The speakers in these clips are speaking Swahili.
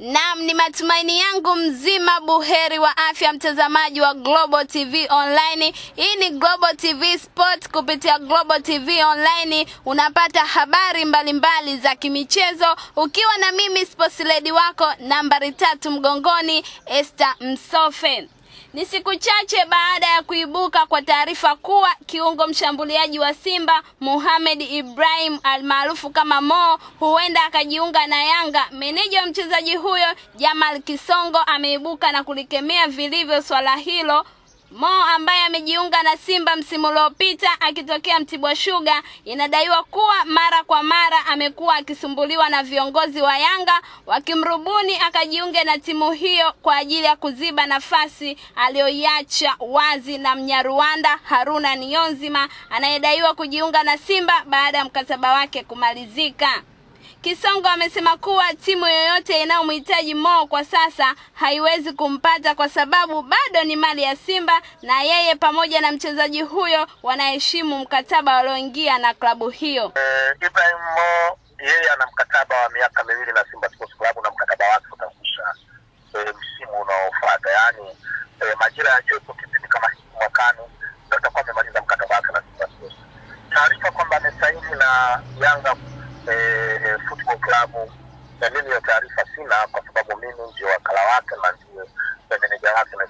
Naam, ni matumaini yangu mzima buheri wa afya, mtazamaji wa Global TV Online. Hii ni Global TV Sport. Kupitia Global TV Online unapata habari mbalimbali mbali za kimichezo, ukiwa na mimi sports lady wako nambari tatu mgongoni, Esther Msofe. Ni siku chache baada ya kuibuka kwa taarifa kuwa kiungo mshambuliaji wa Simba Mohamed Ibrahim almaarufu kama Mo huenda akajiunga na Yanga. Meneja wa mchezaji huyo Jamal Kisongo ameibuka na kulikemea vilivyo swala hilo Mo ambaye amejiunga na Simba msimu uliopita akitokea Mtibwa Sugar, inadaiwa kuwa mara kwa mara amekuwa akisumbuliwa na viongozi wa Yanga wakimrubuni akajiunge na timu hiyo kwa ajili ya kuziba nafasi aliyoiacha wazi na Mnyarwanda Haruna Niyonzima anayedaiwa kujiunga na Simba baada ya mkataba wake kumalizika. Kisongo amesema kuwa timu yoyote inayomhitaji Mo kwa sasa haiwezi kumpata kwa sababu bado ni mali ya Simba na yeye pamoja na mchezaji huyo wanaheshimu mkataba walioingia na klabu hiyo. Eh, Ibrahim Mo yeye ana mkataba wa miaka miwili na Simba Sports Club na mkataba wake utakusha eh, msimu unaofuata, yaani eh, majira ya joto kipindi kama hiki mwakani ndio atakuwa amemaliza mkataba wake na Simba Sports. Taarifa kwamba amesaini na Yanga Eh, eh, football club, na mimi hiyo taarifa sina, kwa sababu mimi ndio wakala wake na ndio meneja wake na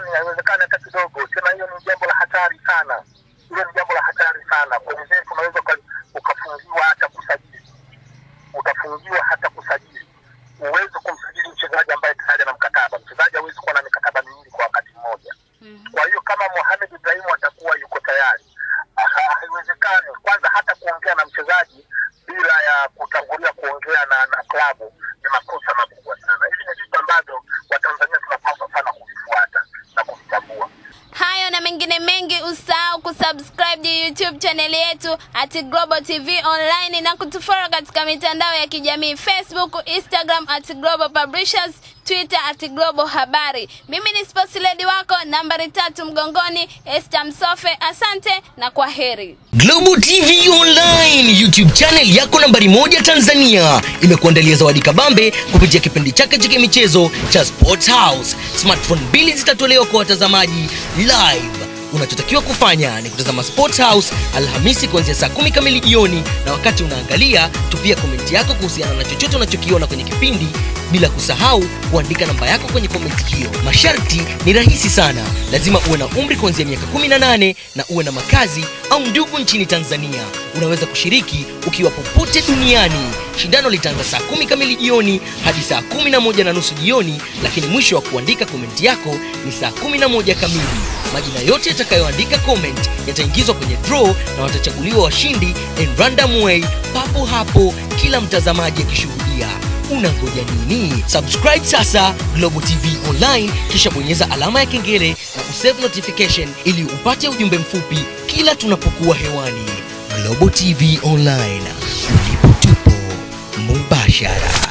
Marekani haiwezekani hata kidogo. Sema hiyo ni jambo la hatari sana, hiyo ni jambo la hatari sana. mzee unaweza ukafungiwa hata kusajili, utafungiwa hata kusajili uwezi kutufollow YouTube channel yetu at Global TV Online na kutufollow katika mitandao ya kijamii Facebook, Instagram at Global Publishers, Twitter at Global Habari. Mimi ni Sports Lady wako nambari tatu mgongoni Esther Msofe. Asante na kwa heri. Global TV Online YouTube channel yako nambari moja Tanzania imekuandalia zawadi kabambe kupitia kipindi chake cha michezo cha Sports House. Smartphone mbili zitatolewa kwa watazamaji live Unachotakiwa kufanya ni kutazama Sport House Alhamisi kuanzia saa kumi kamili jioni, na wakati unaangalia, tupia komenti yako kuhusiana na chochote unachokiona kwenye kipindi bila kusahau kuandika namba yako kwenye komenti hiyo. Masharti ni rahisi sana, lazima uwe na umri kuanzia miaka 18 na uwe na makazi au ndugu nchini Tanzania. Unaweza kushiriki ukiwa popote duniani. Shindano litaanza saa kumi kamili jioni hadi saa kumi na moja na nusu jioni, lakini mwisho wa kuandika komenti yako ni saa kumi na moja kamili. Majina yote yatakayoandika comment yataingizwa kwenye draw na watachaguliwa washindi in random way papo hapo, kila mtazamaji akishuhudia unangoja nini? Subscribe sasa Global TV Online, kisha bonyeza alama ya kengele na usave notification ili upate ujumbe mfupi kila tunapokuwa hewani. Global TV Online, ulipo tupo mubashara.